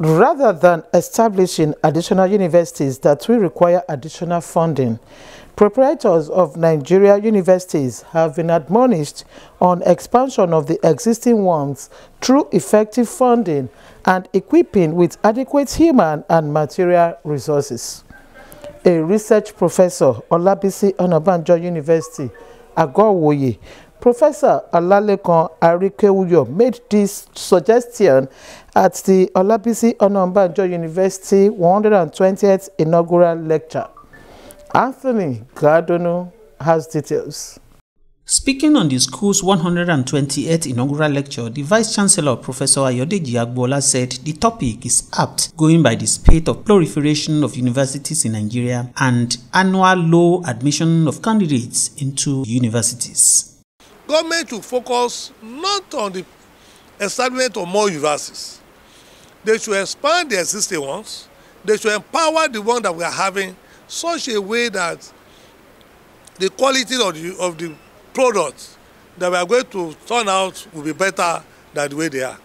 Rather than establishing additional universities that will require additional funding, proprietors of Nigeria universities have been admonished on expansion of the existing ones through effective funding and equipping with adequate human and material resources. A research professor, Olabisi Onabanjo University, Agowoye, Professor Alalekan Arikewuyo made this suggestion at the Olabisi Onabanjo University 120th inaugural lecture. Anthony Gardono has details. Speaking on the school's 128th inaugural lecture, the Vice Chancellor Professor Ayodeji Agbola said the topic is apt going by the spate of proliferation of universities in Nigeria and annual low admission of candidates into universities. government should focus not on the establishment of more universities. They should expand the existing ones. They should empower the one that we are having such a way that the quality of the, of the products that we are going to turn out will be better than the way they are.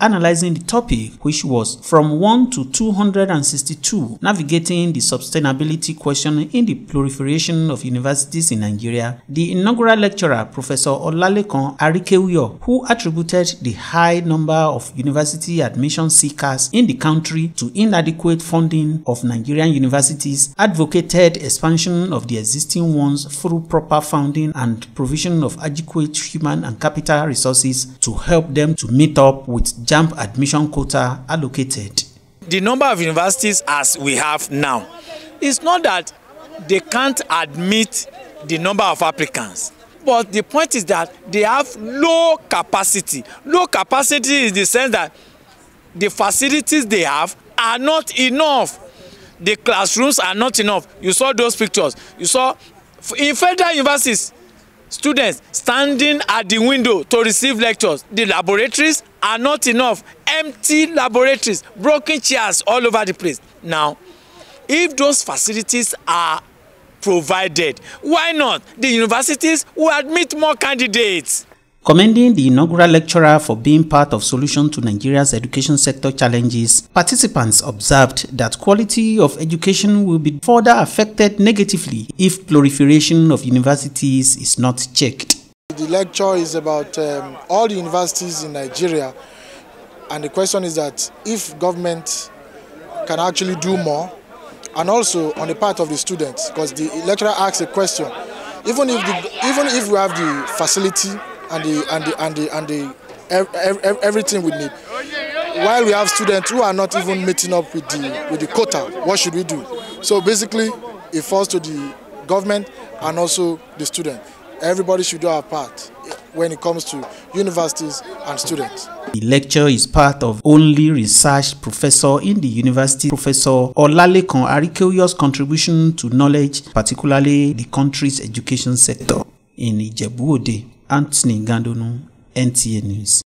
analyzing the topic, which was from 1 to 262, navigating the sustainability question in the proliferation of universities in Nigeria. The inaugural lecturer, Professor Olalekan Arikewuyo, who attributed the high number of university admission seekers in the country to inadequate funding of Nigerian universities, advocated expansion of the existing ones through proper funding and provision of adequate human and capital resources to help them to meet up with JAMB admission quota allocated. The number of universities as we have now, is not that they can't admit the number of applicants. But the point is that they have low capacity. Low capacity is the sense that the facilities they have are not enough. The classrooms are not enough. You saw those pictures. You saw in federal universities students standing at the window to receive lectures the laboratories are not enough empty laboratories broken chairs all over the place now if those facilities are provided why not the universities will admit more candidates Commending the inaugural lecturer for being part of solution to Nigeria's education sector challenges, participants observed that quality of education will be further affected negatively if proliferation of universities is not checked. The lecture is about um, all the universities in Nigeria and the question is that if government can actually do more and also on the part of the students because the lecturer asks a question even if the, even if we have the facility and the and the and the and the ev everything we need. While we have students who are not even meeting up with the with the quota, what should we do? So basically, it falls to the government and also the student. Everybody should do our part when it comes to universities and students. The lecture is part of only research professor in the university, Professor Olalekan Arikeoyo's contribution to knowledge, particularly the country's education sector in Ijebu Ode. Anthony Gandonu, NTA News.